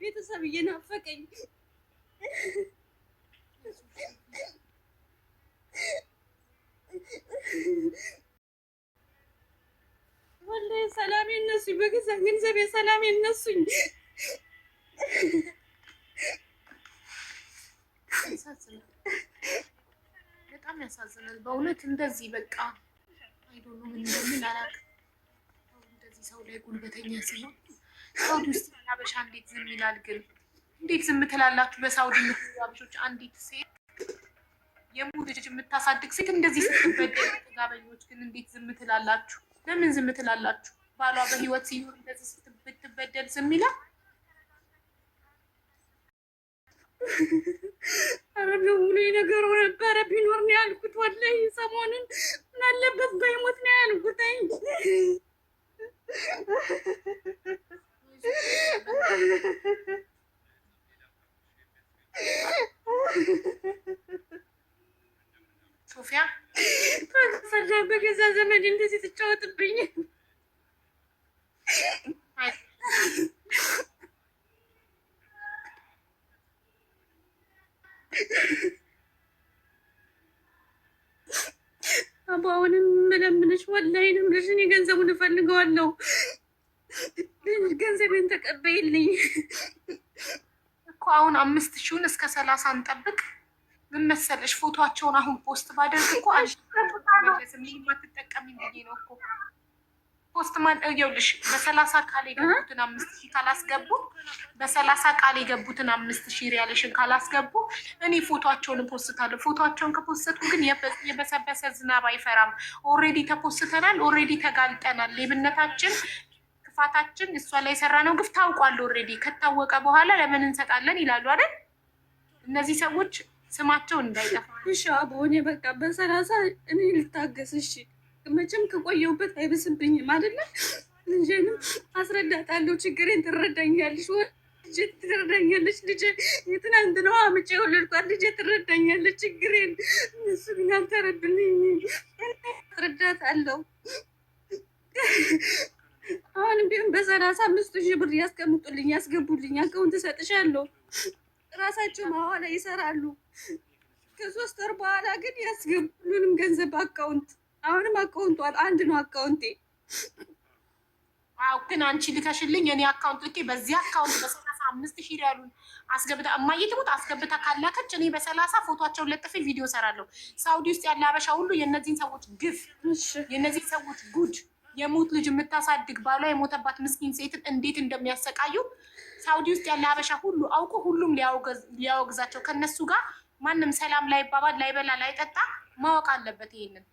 ቤተሰብ እየናፈቀኝ ወላሂ ሰላም የነሱኝ በገዛ ገንዘብ የሰላም የነሱኝ በጣም ያሳዝናል በእውነት እንደዚህ በቃ አይዶኑ ምን እንደሚል አላውቅም። እንደዚህ ሰው ላይ ጉልበተኛ ሲሆን ሳውዲ ውስጥ አበሻ እንዴት ዝም ይላል? ግን እንዴት ዝም ትላላችሁ? በሳውዲ የምትኖሩ አበሾች አንዲት ሴት የሙት ልጅ የምታሳድግ ሴት እንደዚህ ስትበደል ጋበኞች ግን እንዴት ዝም ትላላችሁ? ለምን ዝም ትላላችሁ? ባሏ በህይወት ሲኖር እንደዚህ ስትበደል ዝም ይላል? ኧረ ብሎ ነገሩ ነበረ ቢኖር ነው ያልኩት። ወላሂ ሰሞኑን ምን አለበት በህይወት ነው ያልኩት። ወላሂ ነው የምልሽ። እኔ ገንዘቡን እፈልገዋለሁ። ገንዘቤን ተቀበይልኝ እኮ አሁን አምስት ሺውን እስከ ሰላሳ እንጠብቅ። ምን መሰለሽ ፎቶቸውን አሁን ፖስት ባደርግ እኮ አልሽ፣ የማትጠቀሚ ነው እኮ ፖስት ማን ይኸውልሽ፣ በሰላሳ ቃል የገቡትን አምስት ሺህ ካላስገቡ በሰላሳ ቃል የገቡትን አምስት ሺህ ሪያሌሽን ካላስገቡ እኔ ፎቶቸውን ፖስታለሁ። ፎቶቸውን ከፖስተቱ ግን የበሰበሰ ዝናብ አይፈራም። ኦሬዲ ተፖስተናል፣ ኦሬዲ ተጋልጠናል። ሌብነታችን፣ ክፋታችን፣ እሷ ላይ የሰራ ነው ግፍ ታውቋል። ኦሬዲ ከታወቀ በኋላ ለምን እንሰጣለን ይላሉ አይደል? እነዚህ ሰዎች ስማቸው እንዳይጠፋ ሻ በሆነ በቃ በሰላሳ እኔ ልታገስ እሺ መቼም ከቆየሁበት አይብስብኝም አይደለ? ልጄንም አስረዳታለሁ። ችግሬን ትረዳኛለች ልጄ ትረዳኛለች። ልጄ ነው አምጬ የወለድኳት ልጄ ትረዳኛለች ችግሬን። እሱ ግን አልተረዱልኝ። አስረዳታለሁ። አሁንም ቢሆን በሰላሳ አምስቱ ሺህ ብር ያስቀምጡልኝ፣ ያስገቡልኝ። አካውንት እሰጥሻለሁ። ራሳቸው በኋላ ይሰራሉ። ከሶስት ወር በኋላ ግን ያስገቡልንም ገንዘብ አካውንት አሁንም አካውንቷል አንድ ነው አካውንቴ። አዎ ግን አንቺ ልከሽልኝ እኔ አካውንት ልኬ በዚህ አካውንት በሰላሳ አምስት ሺህ ያሉን አስገብታ እማዬ ትሙት አስገብታ ካላከች እኔ በሰላሳ ፎቶቸውን ለጥፌ ቪዲዮ ሰራለሁ። ሳውዲ ውስጥ ያለ አበሻ ሁሉ የእነዚህን ሰዎች ግፍ የእነዚህን ሰዎች ጉድ የሞት ልጅ የምታሳድግ ባሏ የሞተባት ምስኪን ሴትን እንዴት እንደሚያሰቃዩ ሳውዲ ውስጥ ያለ አበሻ ሁሉ አውቆ ሁሉም ሊያወግዛቸው ከነሱ ጋር ማንም ሰላም ላይባባል፣ ላይበላ፣ ላይጠጣ ማወቅ አለበት ይሄንን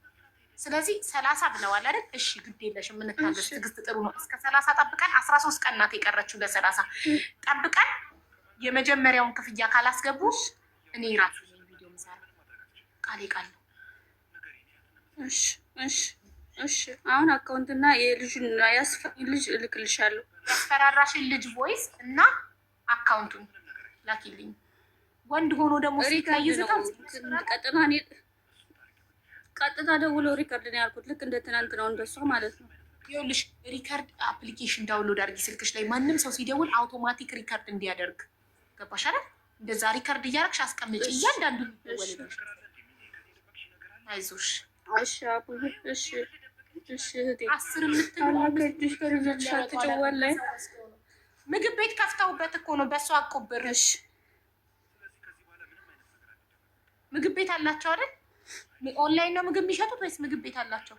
ስለዚህ ሰላሳ ብለዋል አይደል? እሺ ግድ የለሽ የምንታገስ ትግስት ጥሩ ነው። እስከ ሰላሳ ጠብቀን አስራ ሶስት ቀን ናት የቀረችው ለሰላሳ ጠብቀን የመጀመሪያውን ክፍያ ካላስገቡ እኔ ራሱ ቪዲዮ ምሳር ቃሌ ቃል ነው። እሺ እሺ እሺ። አሁን አካውንትና የልጁን ያስፈራኝ ልጅ እልክልሻለሁ። ያስፈራራሽን ልጅ ቮይስ እና አካውንቱን ላኪልኝ። ወንድ ሆኖ ደግሞ ሲታይ ይዝተው ቀጥና ቀጥታ ደውሎ ሪከርድ ነው ያልኩት። ልክ እንደ ትናንት ነው እንደሷ ማለት ነው። ይኸውልሽ ሪከርድ አፕሊኬሽን ዳውንሎድ አድርጊ ስልክሽ ላይ ማንም ሰው ሲደውል አውቶማቲክ ሪከርድ እንዲያደርግ ገባሽ አይደል? እንደዛ ሪከርድ እያደረግሽ አስቀምጭ እያንዳንዱ አይዞሽ። ምግብ ቤት ከፍተውበት እኮ ነው በእሷ አቆብርሽ ምግብ ቤት አላቸው አይደል? ኦንላይን ነው ምግብ የሚሸጡት ወይስ ምግብ ቤት አላቸው?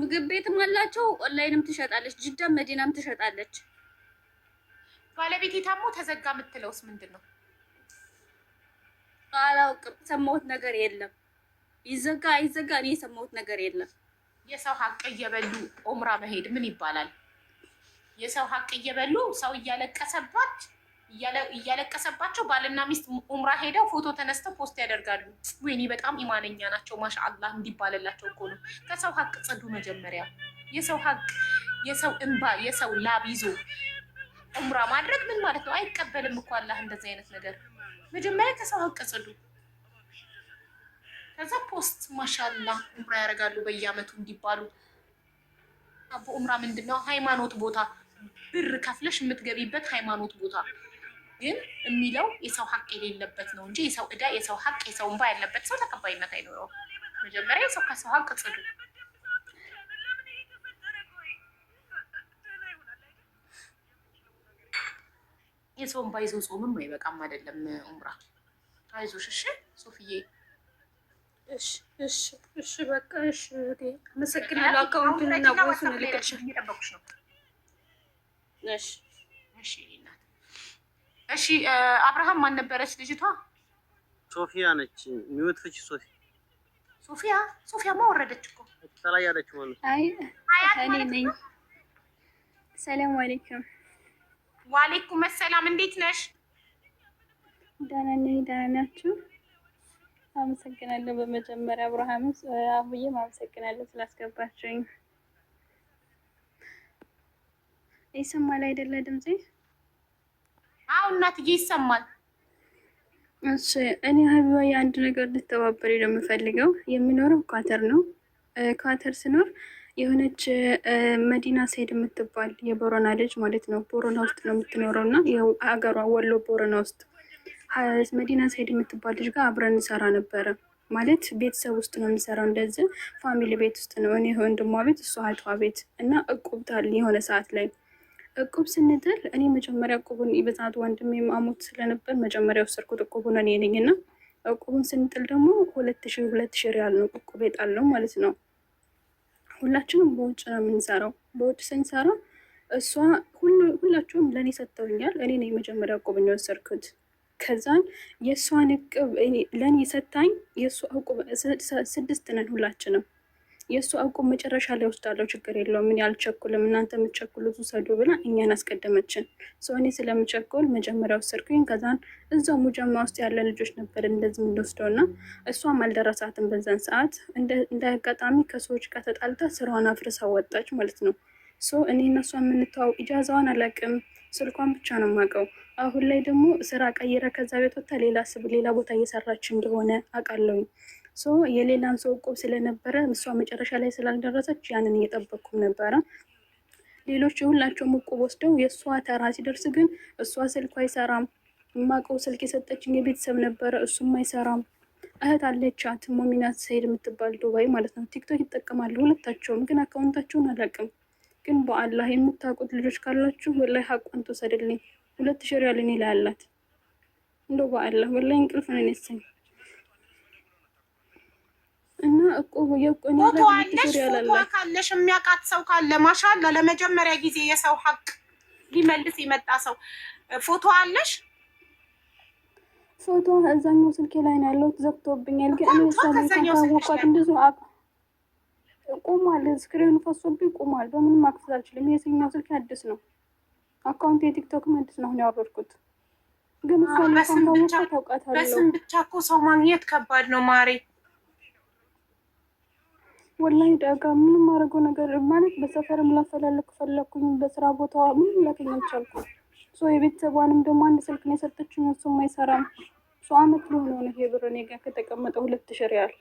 ምግብ ቤትም አላቸው፣ ኦንላይንም ትሸጣለች። ጅዳም መዲናም ትሸጣለች። ባለቤቴ ታሞ ተዘጋ የምትለውስ ምንድን ነው? አላውቅም። ነገር የለም። ይዘጋ አይዘጋ፣ እኔ የሰማሁት ነገር የለም። የሰው ሀቅ እየበሉ ኦምራ መሄድ ምን ይባላል? የሰው ሀቅ እየበሉ ሰው እያለቀሰባት እያለቀሰባቸው ባልና ሚስት ኡምራ ሄደው ፎቶ ተነስተው ፖስት ያደርጋሉ። ወይኔ በጣም ኢማነኛ ናቸው ማሻአላህ እንዲባልላቸው እኮ ነው። ከሰው ሀቅ ጽዱ። መጀመሪያ የሰው ሀቅ የሰው እንባ የሰው ላብ ይዞ ኡምራ ማድረግ ምን ማለት ነው? አይቀበልም እኮ አላህ እንደዚህ አይነት ነገር። መጀመሪያ ከሰው ሀቅ ጽዱ። ከዛ ፖስት ማሻአላህ ኡምራ ያደርጋሉ በየአመቱ እንዲባሉ። አቦ ኡምራ ምንድነው? ሃይማኖት ቦታ ብር ከፍለሽ የምትገቢበት ሃይማኖት ቦታ ግን የሚለው የሰው ሀቅ የሌለበት ነው እንጂ የሰው እዳ፣ የሰው ሀቅ፣ የሰው እንባ ያለበት ሰው ተቀባይነት አይኖረውም። መጀመሪያ የሰው ከሰው ሀቅ ጽዱ። የሰው እንባ የሰው ጾምም አይበቃም አይደለም። ኡምራ አይዞሽ። እሺ ሶፍዬ፣ እሺ፣ እሺ፣ በቃ እሺ። አመሰግናለሁ። አካውንቱን እና ቦሱን ልክልሽ። እየጠበኩሽ ነው። እሺ እሺ አብርሃም ማን ነበረች ልጅቷ? ሶፊያ ነች። ሚወት ፍቺ ሶፊ ሶፊያ ሶፊያ ማ ወረደች እኮ ተላይ ያለች ማለት አይ እኔ ነኝ። ሰላም አለይኩም። ወአለይኩም ሰላም። እንዴት ነሽ? ደህና ነኝ። ደህና ናችሁ? አመሰግናለሁ። በመጀመሪያ አብርሃም አሁዬም አመሰግናለሁ ስላስገባችሁኝ። ይሰማል አይደለ ድምጼ? አዎ እናትዬ ይሰማል። እሺ እኔ ሀቢባ የአንድ ነገር ልተባበሪ ነው የምፈልገው። የሚኖረው ኳተር ነው። ኳተር ስኖር የሆነች መዲና ሰይድ የምትባል የቦረና ልጅ ማለት ነው። ቦረና ውስጥ ነው የምትኖረው እና ሀገሯ ወሎ ቦረና ውስጥ መዲና ሰይድ የምትባል ልጅ ጋር አብረን እንሰራ ነበረ። ማለት ቤተሰብ ውስጥ ነው የምሰራው፣ እንደዚህ ፋሚሊ ቤት ውስጥ ነው። እኔ ወንድሟ ቤት፣ እሷ እህቷ ቤት እና እቁብታል የሆነ ሰዓት ላይ እቁብ ስንጥል እኔ መጀመሪያ እቁቡን ይበዛት ወንድሜ አሞት ስለነበር መጀመሪያ ወሰድኩት እቁቡን እኔ ነኝ እና እቁቡን ስንጥል ደግሞ ሁለት ሺ ሁለት ሺ ሪያል ነው እቁብ የጣልነው ማለት ነው። ሁላችንም በውጭ ነው የምንሰራው። በውጭ ስንሰራ እሷ ሁላችሁም ለእኔ ሰጥተውኛል። እኔ ነው የመጀመሪያ እቁብን የወሰድኩት። ከዛን የእሷን እቅብ ለእኔ ሰታኝ ስድስት ነን ሁላችንም የእሱ አቁም መጨረሻ ላይ ወስዳለው፣ ችግር የለውም ምን ያልቸኩልም እናንተ የምትቸኩሉት ውሰዱ ብላ እኛን አስቀደመችን። ሰው እኔ ስለምቸኩል መጀመሪያው ስርኩኝ። ከዛን እዛው ሙጀማ ውስጥ ያለ ልጆች ነበር እንደዚህ የምንወስደው እና እሷም አልደረሳትም በዛን ሰዓት። እንደ አጋጣሚ ከሰዎች ጋር ተጣልታ ስራዋን አፍርሳ ወጣች ማለት ነው። ሶ እኔ እነሷ የምንተዋው ኢጃዛዋን አላቅም ስልኳን ብቻ ነው የማውቀው። አሁን ላይ ደግሞ ስራ ቀይረ ከዛ ቤት ወጥታ ሌላ ስብ ሌላ ቦታ እየሰራች እንደሆነ አውቃለሁኝ። የሌላን ሰው እቁብ ስለነበረ እሷ መጨረሻ ላይ ስላልደረሰች ያንን እየጠበቅኩም ነበረ። ሌሎች የሁላቸውም እቁብ ወስደው የእሷ ተራ ሲደርስ ግን እሷ ስልኩ አይሰራም። የማውቀው ስልክ የሰጠችኝ የቤተሰብ ነበረ፣ እሱም አይሰራም። እህት አለቻት ሞሚናት ሰይድ የምትባል ዱባይ ማለት ነው። ቲክቶክ ይጠቀማሉ ሁለታቸውም፣ ግን አካውንታቸውን አላውቅም። ግን በአላህ የምታውቁት ልጆች ካላችሁ ወላይ ሀቋን ትወሰድልኝ። ሁለት ሺህ ሪያል እኔ ላይ አላት። እንደው በአላህ ወላይ እንቅልፍ ነው እና እቆ እኮ ፎቶ አለሽ ፎቶ ካለሽ የሚያውቃት ሰው ካለ ማሻላ ለመጀመሪያ ጊዜ የሰው ሀቅ ሊመልስ የመጣ ሰው ፎቶ አለሽ? ፎቶ እዛኛው ስልኬ ላይ ነው ያለው፣ ዘግቶብኛል። ግን እኔ ሳካወኳት እንደዙ ቆሟል፣ ስክሪኑ ፈሶብኝ ቆሟል። በምንም ማክሰስ አልችልም። የስኛው ስልኬ አዲስ ነው፣ አካውንት የቲክቶክም አዲስ ነው ነው ያወረድኩት። ግን እሷ ሳካወኳት ታውቃታለሁ። በስም ብቻ እኮ ሰው ማግኘት ከባድ ነው ማሬ ወላሂ ዳጋ ምንም አደረገው ነገር ማለት በሰፈርም ላፈላለግ ፈለኩኝ በስራ ቦታ ምንም ላገኝ አልቻልኩ። ሶ የቤተሰቧንም ደግሞ አንድ ስልክ ነው የሰጠችኝ፣ እሱም አይሰራም። ሶ አመት ሊሆን ሆነ ይሄ ብር እኔ ጋር ከተቀመጠ ሁለት ሺህ ሪያል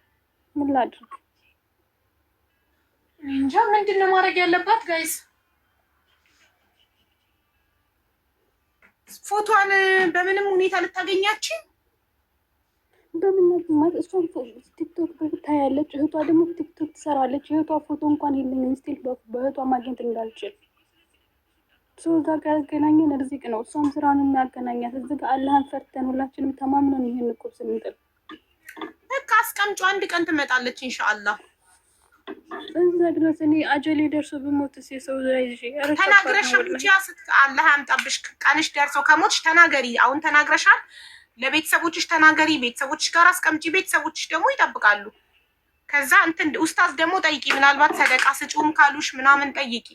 ምን ላድርግ እንጃ። ምንድን ነው ማድረግ ያለባት ጋይስ? ፎቷን በምንም ሁኔታ ልታገኛችን በምነት እሷን ቲክቶክ ታያለች። እህቷ ደግሞ ቲክቶክ ትሰራለች። እህቷ ፎቶ እንኳን የለኝም ስቲል በእህቷ ማግኘት እንዳልችል ሰው እዛ ጋር ያገናኘን እርዚቅ ነው። እሷም ስራን የሚያገናኛት እዚህ ጋር አላህን ፈርተን ሁላችንም ተማምነን ይህን እኮ ስንጥል በቃ አስቀምጮ አንድ ቀን ትመጣለች ኢንሻአላህ። እዛ ድረስ እኔ አጀሌ ደርሶ ብሞትስ የሰው ላይ ተናግረሽ ብቻ ስት አላህ ያምጣብሽ። ቀንሽ ደርሶ ከሞትሽ ተናገሪ። አሁን ተናግረሻል። ለቤተሰቦችሽ ተናገሪ፣ ቤተሰቦችሽ ጋር አስቀምጪ፣ ቤተሰቦችሽ ደግሞ ይጠብቃሉ። ከዛ እንትን ኡስታዝ ደግሞ ጠይቂ፣ ምናልባት ሰደቃ ስጪውም ካሉሽ ምናምን ጠይቂ።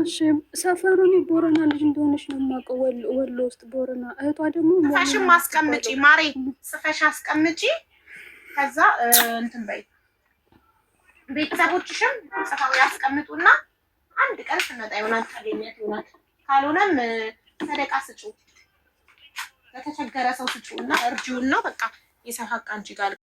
እሺ ሰፈሩን ቦረና ልጅ እንደሆነች ነው የማውቀው፣ ወሎ ውስጥ ቦረና። እህቷ ደግሞ ስፈሽም አስቀምጪ ማሬ፣ ስፈሽ አስቀምጪ። ከዛ እንትን በይ፣ ቤተሰቦችሽም ጽፈው ያስቀምጡና አንድ ቀን ስመጣ ይሆናል ታገኛት ይሆናል። ካልሆነም ሰደቃ ስጪው። ለተቸገረ ሰው ስጪውና እርጂውና በቃ ይሰሀቅ አንቺ ጋር